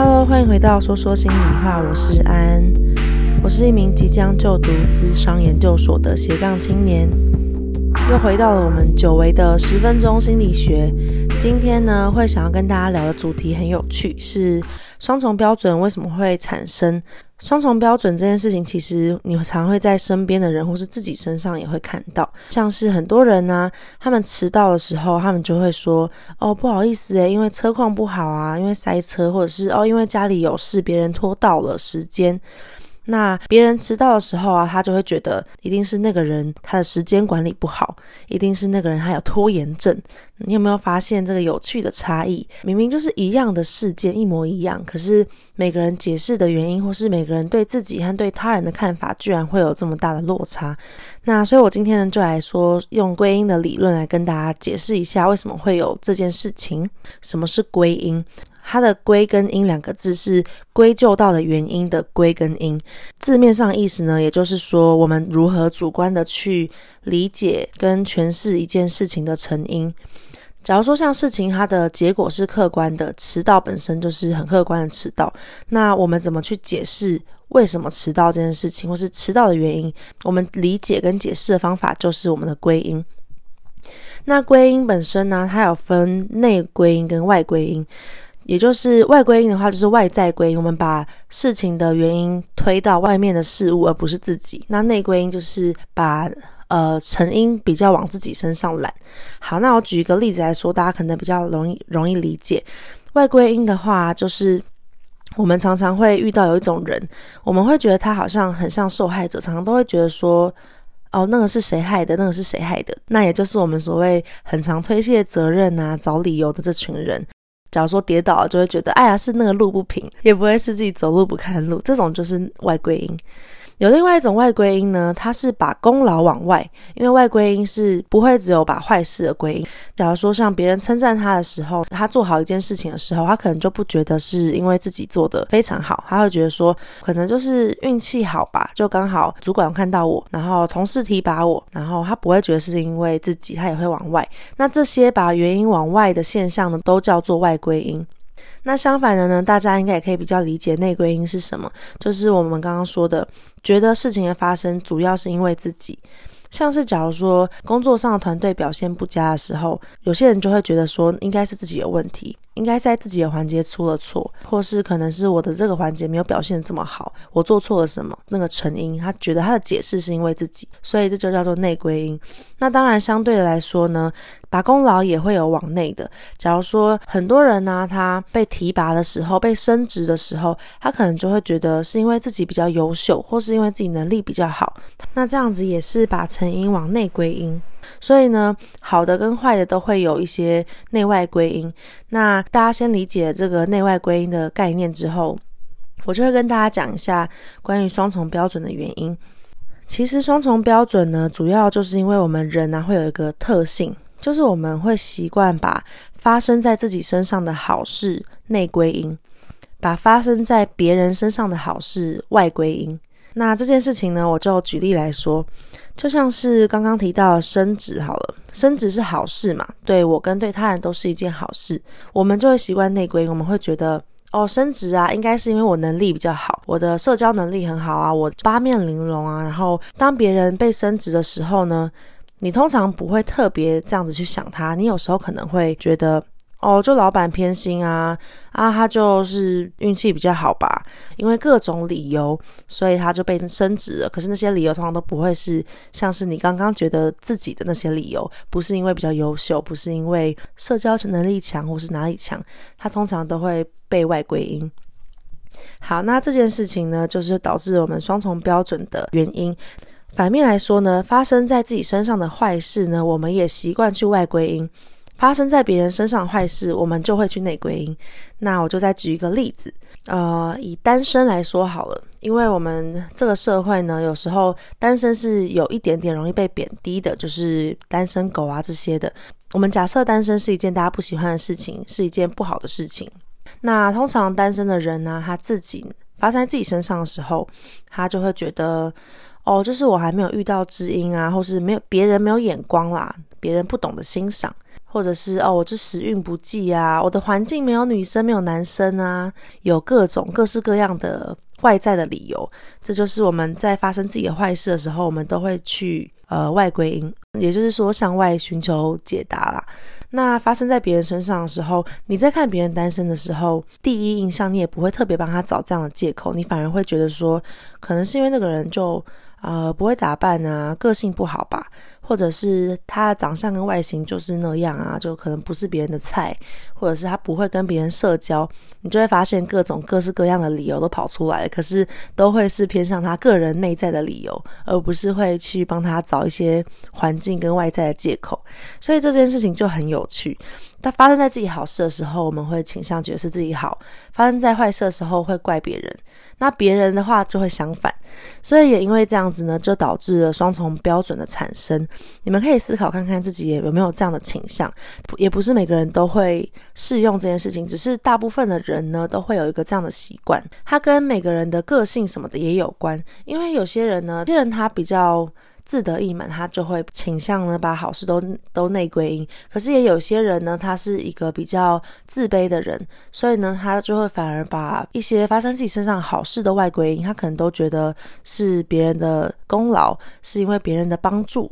Hello，歡迎回到說說心裡話，我是安，我是一名即將就讀諮商研究所的斜槓青年，又回到了我們久違的十分鐘心理學。今天呢，會想要跟大家聊的主題很有趣，是雙重標準為什麼會產生？雙重標準這件事情，其實你常會在身邊的人或是自己身上也會看到，像是很多人呢、啊，他們遲到的時候，他們就會說，哦，不好意思誒，因為車況不好啊，因為塞車，或者是哦，因為家裡有事，別人拖到了時間。那別人遲到的時候啊，他就會覺得一定是那個人他的時間管理不好，一定是那個人他有拖延症。你有沒有發現這個有趣的差異？明明就是一樣的事件，一模一樣，可是每個人解釋的原因，或是每個人對自己和對他人的看法，居然會有這麼大的落差。那所以，我今天呢，就來說用歸因的理論來跟大家解釋一下，為什麼會有這件事情？什麼是歸因？它的“歸根因”兩個字是歸咎到的原因的“歸根因”，字面上的意思呢，也就是說我們如何主觀的去理解跟詮釋一件事情的成因。假如說像事情它的結果是客觀的，遲到本身就是很客觀的遲到，那我們怎麼去解釋為什麼遲到這件事情，或是遲到的原因？我們理解跟解釋的方法就是我們的歸因。那歸因本身呢，它有分內歸因跟外歸因。也就是外歸因的話，就是外在歸因，我們把事情的原因推到外面的事物，而不是自己。那內歸因就是把，呃，成因比較往自己身上攬。好，那我舉一個例子來說，大家可能比較容易容易理解。外歸因的話，就是我們常常會遇到有一種人，我們會覺得他好像很像受害者，常常都會覺得說，哦，那個是誰害的、那個是誰害的？那也就是我們所謂很常推卸責任啊、找理由的這群人。假如說跌倒了，就會覺得，哎呀，是那個路不平，也不會是自己走路不看路，這種就是外歸因。有另外一種外歸因呢，他是把功勞往外，因為外歸因是不會只有把壞事的歸因。假如說像別人稱讚他的時候，他做好一件事情的時候，他可能就不覺得是因為自己做得非常好，他會覺得說可能就是運氣好吧，就剛好主管看到我，然後同事提拔我，然後他不會覺得是因為自己，他也會往外。那這些把原因往外的現象呢，都叫做外歸因。那相反的呢？大家應該也可以比較理解內歸因是什麼，就是我們剛剛說的，覺得事情的發生主要是因為自己。像是假如說工作上的團隊表現不佳的時候，有些人就會覺得說，應該是自己有問題。應該在自己的環節出了錯，或是可能是我的這個環節沒有表現得這麼好，我做錯了什麼？那個成因，他覺得他的解釋是因為自己，所以這就叫做內歸因。那當然，相對的來說呢，把功勞也會有往內的。假如說很多人呢、啊，他被提拔的時候，被升職的時候，他可能就會覺得是因為自己比較優秀，或是因為自己能力比較好，那這樣子也是把成因往內歸因。所以呢，好的跟壞的都會有一些內外歸因。那大家先理解這個內外歸因的概念之後，我就會跟大家講一下關於雙重標準的原因。其實雙重標準呢，主要就是因為我們人呢、啊、會有一個特性，就是我們會習慣把發生在自己身上的好事內歸因，把發生在別人身上的好事外歸因。那這件事情呢，我就舉例來說。.就像是剛剛提到升職好了，升職是好事嘛？對我跟對他人都是一件好事，我們就會習慣內歸，我們會覺得哦，升職啊，應該是因為我能力比較好，我的社交能力很好啊，我八面玲瓏啊。然後當別人被升職的時候呢，你通常不會特別這樣子去想他，你有時候可能會覺得。哦，就老闆偏心啊啊，他就是運氣比較好吧？因為各種理由，所以他就被升職了。可是那些理由通常都不會是像是你剛剛覺得自己的那些理由，不是因為比較優秀，不是因為社交能力強或是哪裡強，他通常都會被外歸因。好，那這件事情呢，就是導致我們雙重標準的原因。反面來說呢，發生在自己身上的壞事呢，我們也習慣去外歸因。發生在別人身上壞事，我們就會去內歸因。那我就再舉一個例子，呃，以單身來說好了，因為我們這個社會呢，有時候單身是有一點點容易被貶低的，就是單身狗啊這些的。我們假設單身是一件大家不喜歡的事情，是一件不好的事情。那通常單身的人呢、啊，他自己發生在自己身上的時候，他就會覺得，哦，就是我還沒有遇到知音啊，或是沒有別人沒有眼光啦，別人不懂得欣賞。或者是哦，我這時運不濟啊，我的環境沒有女生，沒有男生啊，有各種各式各樣的外在的理由。這就是我們在發生自己的壞事的時候，我們都會去呃外歸因，也就是說向外尋求解答啦。那發生在別人身上的時候，你在看別人單身的時候，第一印象你也不會特別幫他找這樣的借口，你反而會覺得說，可能是因為那個人就呃不會打扮啊，個性不好吧。或者是他的長相跟外形就是那樣啊，就可能不是別人的菜，或者是他不會跟別人社交，你就會發現各種各式各樣的理由都跑出來了，可是都會是偏向他個人內在的理由，而不是會去幫他找一些環境跟外在的借口。所以這件事情就很有趣。他發生在自己好事的時候，我們會傾向覺得是自己好；發生在壞事的時候，會怪別人。那別人的話就會相反。所以也因為這樣子呢，就導致了雙重標準的產生。你們可以思考看看自己也有沒有這樣的傾向，也不是每個人都會適用這件事情，只是大部分的人呢都會有一個這樣的習慣，它跟每個人的個性什麼的也有關。因為有些人呢，有些人他比較自得意滿，他就會傾向呢把好事都都內歸因；可是也有些人呢，他是一個比較自卑的人，所以呢他就會反而把一些發生自己身上好事的外歸因，他可能都覺得是別人的功勞，是因為別人的幫助。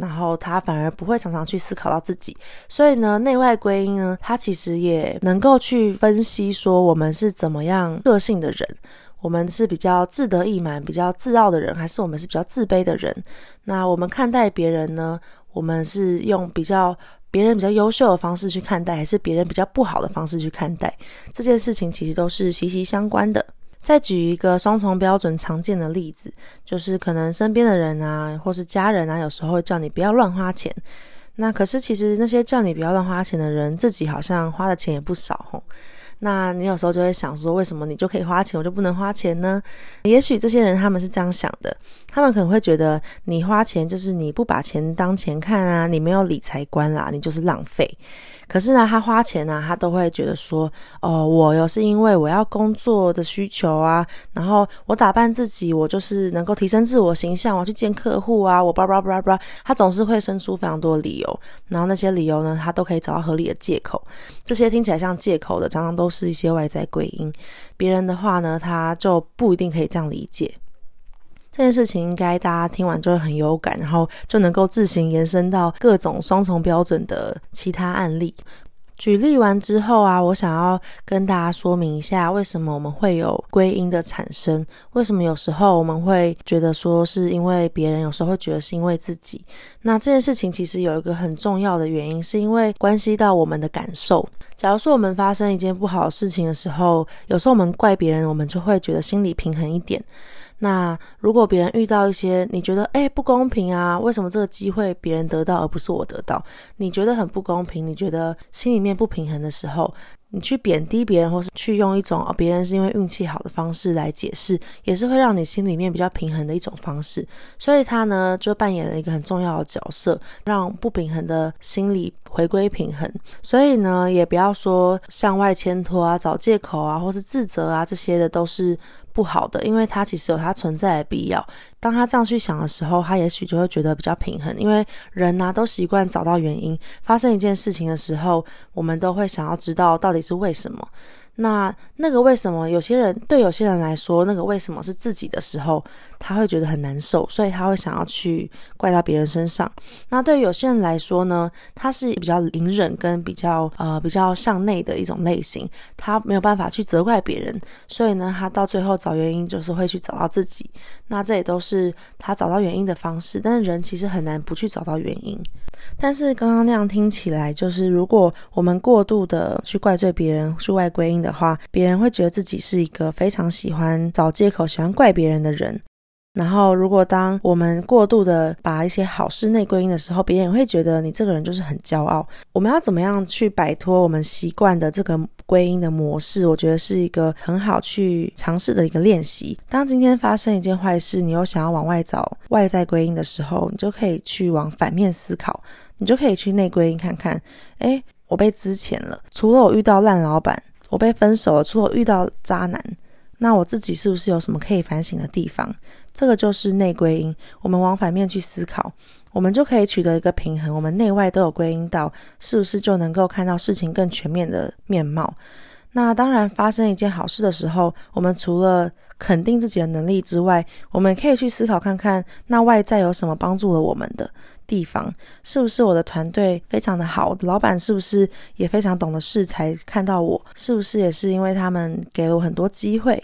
然後他反而不會常常去思考到自己，所以呢，內外歸因呢，他其實也能夠去分析說，我們是怎麼樣個性的人，我們是比較志得意滿、比較自傲的人，還是我們是比較自卑的人？那我們看待別人呢？我們是用比較別人比較優秀的方式去看待，還是別人比較不好的方式去看待？這件事情其實都是息息相關的。再舉一個雙重標準常見的例子，就是可能身邊的人啊，或是家人啊，有時候會叫你不要亂花錢。那可是其實那些叫你不要亂花錢的人，自己好像花的錢也不少吼。那你有時候就會想說，為什麼你就可以花錢，我就不能花錢呢？也許這些人他們是這樣想的，他們可能會覺得你花錢就是你不把錢當錢看啊，你沒有理財觀啦，你就是浪費。可是呢，他花錢呢、啊，他都會覺得說，哦，我又是因為我要工作的需求啊，然後我打扮自己，我就是能夠提升自我形象，我去見客戶啊，我叭叭叭叭，他總是會生出非常多理由，然後那些理由呢，他都可以找到合理的借口。這些聽起來像借口的，常常都是一些外在歸因。別人的話呢，他就不一定可以這樣理解。這件事情應該大家聽完就會很有感，然後就能夠自行延伸到各種雙重標準的其他案例。舉例完之後啊，我想要跟大家說明一下，為什麼我們會有歸因的產生？為什麼有時候我們會覺得說是因為別人，有時候會覺得是因為自己。那這件事情其實有一個很重要的原因，是因為關係到我們的感受。假如說我們發生一件不好的事情的時候，有時候我們怪別人，我們就會覺得心理平衡一點。那如果別人遇到一些你覺得誒不公平啊，為什麼這個機會別人得到而不是我得到？你覺得很不公平，你覺得心裡面不平衡的時候，你去貶低別人，或是去用一種、哦、別人是因為運氣好的方式來解釋，也是會讓你心裡面比較平衡的一種方式。所以他呢就扮演了一個很重要的角色，讓不平衡的心理回歸平衡。所以呢，也不要說向外牽托啊、找借口啊，或是自責啊這些的，都是。不好的，因為他其實有他存在的必要。當他這樣去想的時候，他也許就會覺得比較平衡。因為人吶、啊，都習慣找到原因。發生一件事情的時候，我們都會想要知道到底是為什麼。那那個為什麼，有些人對有些人來說，那個為什麼是自己的時候。他會覺得很難受，所以他會想要去怪到別人身上。那對於有些人來說呢，他是比較隱忍跟比較呃比較向內的一種類型，他沒有辦法去責怪別人，所以呢，他到最後找原因就是會去找到自己。那這也都是他找到原因的方式，但是人其實很難不去找到原因。但是剛剛那樣聽起來，就是如果我們過度的去怪罪別人，去外歸因的話，別人會覺得自己是一個非常喜歡找借口、喜歡怪別人的人。然後，如果當我們過度的把一些好事內歸因的時候，別人也會覺得你這個人就是很驕傲。我們要怎麼樣去擺脫我們習慣的這個歸因的模式？我覺得是一個很好去嘗試的一個練習。當今天發生一件壞事，你又想要往外找外在歸因的時候，你就可以去往反面思考，你就可以去內歸因看看：誒，我被資遣了，除了我遇到爛老闆，我被分手了，除了我遇到渣男，那我自己是不是有什麼可以反省的地方？這個就是內歸因。我們往反面去思考，我們就可以取得一個平衡。我們內外都有歸因到，是不是就能夠看到事情更全面的面貌？那當然，發生一件好事的時候，我們除了肯定自己的能力之外，我們也可以去思考看看，那外在有什麼幫助了我們的地方？是不是我的團隊非常的好？我的老闆是不是也非常懂得識才看到我？是不是也是因為他們給了我很多機會？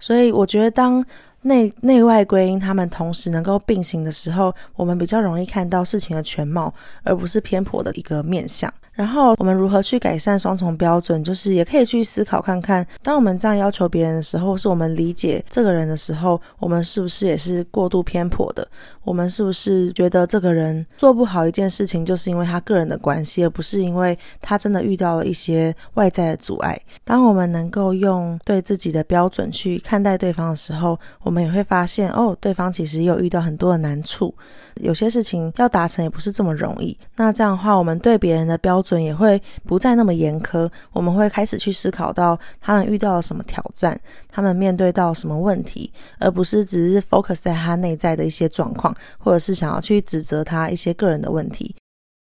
所以我覺得當，內內外歸因，他們同時能夠並行的時候，我們比較容易看到事情的全貌，而不是偏頗的一個面向。然後我們如何去改善雙重標準？就是也可以去思考看看，當我們這樣要求別人的時候，是我們理解這個人的時候，我們是不是也是過度偏頗的？我們是不是覺得這個人做不好一件事情，就是因為他個人的關係，而不是因為他真的遇到了一些外在的阻礙？當我們能夠用對自己的標準去看待對方的時候，我們也會發現，哦，對方其實也有遇到很多的難處，有些事情要達成也不是這麼容易。那這樣的話，我們對別人的標準，也會不再那麼嚴苛，我們會開始去思考到他們遇到了什麼挑戰，他們面對到什麼問題，而不是只是 focus 在他內在的一些狀況，或者是想要去指責他一些個人的問題。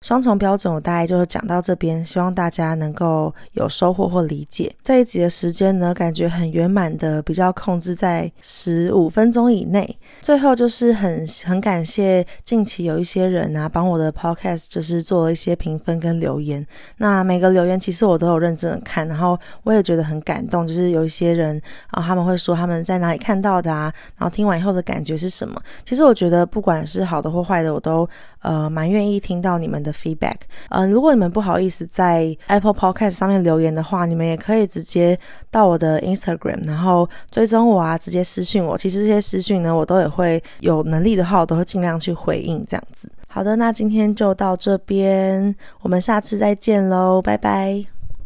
雙重標準，我大概就是講到這邊，希望大家能夠有收穫或理解。這一集的時間呢，感覺很圓滿的，比較控制在十五分鐘以內。最後就是很很感謝近期有一些人啊，幫我的 Podcast 就是做了一些評分跟留言。那每個留言其實我都有認真的看，然後我也覺得很感動。就是有一些人啊，他們會說他們在哪裡看到的啊，然後聽完以後的感覺是什麼，其實我覺得不管是好的或壞的，我都呃蠻願意聽到你們的的 feedback，嗯、呃，如果你們不好意思在 Apple Podcast 上面留言的話，你們也可以直接到我的 Instagram，然後追蹤我啊，直接私訊我。其實這些私訊呢，我都也會有能力的話，我都會盡量去回應這樣子。好的，那今天就到這邊，我們下次再見嘍，拜拜。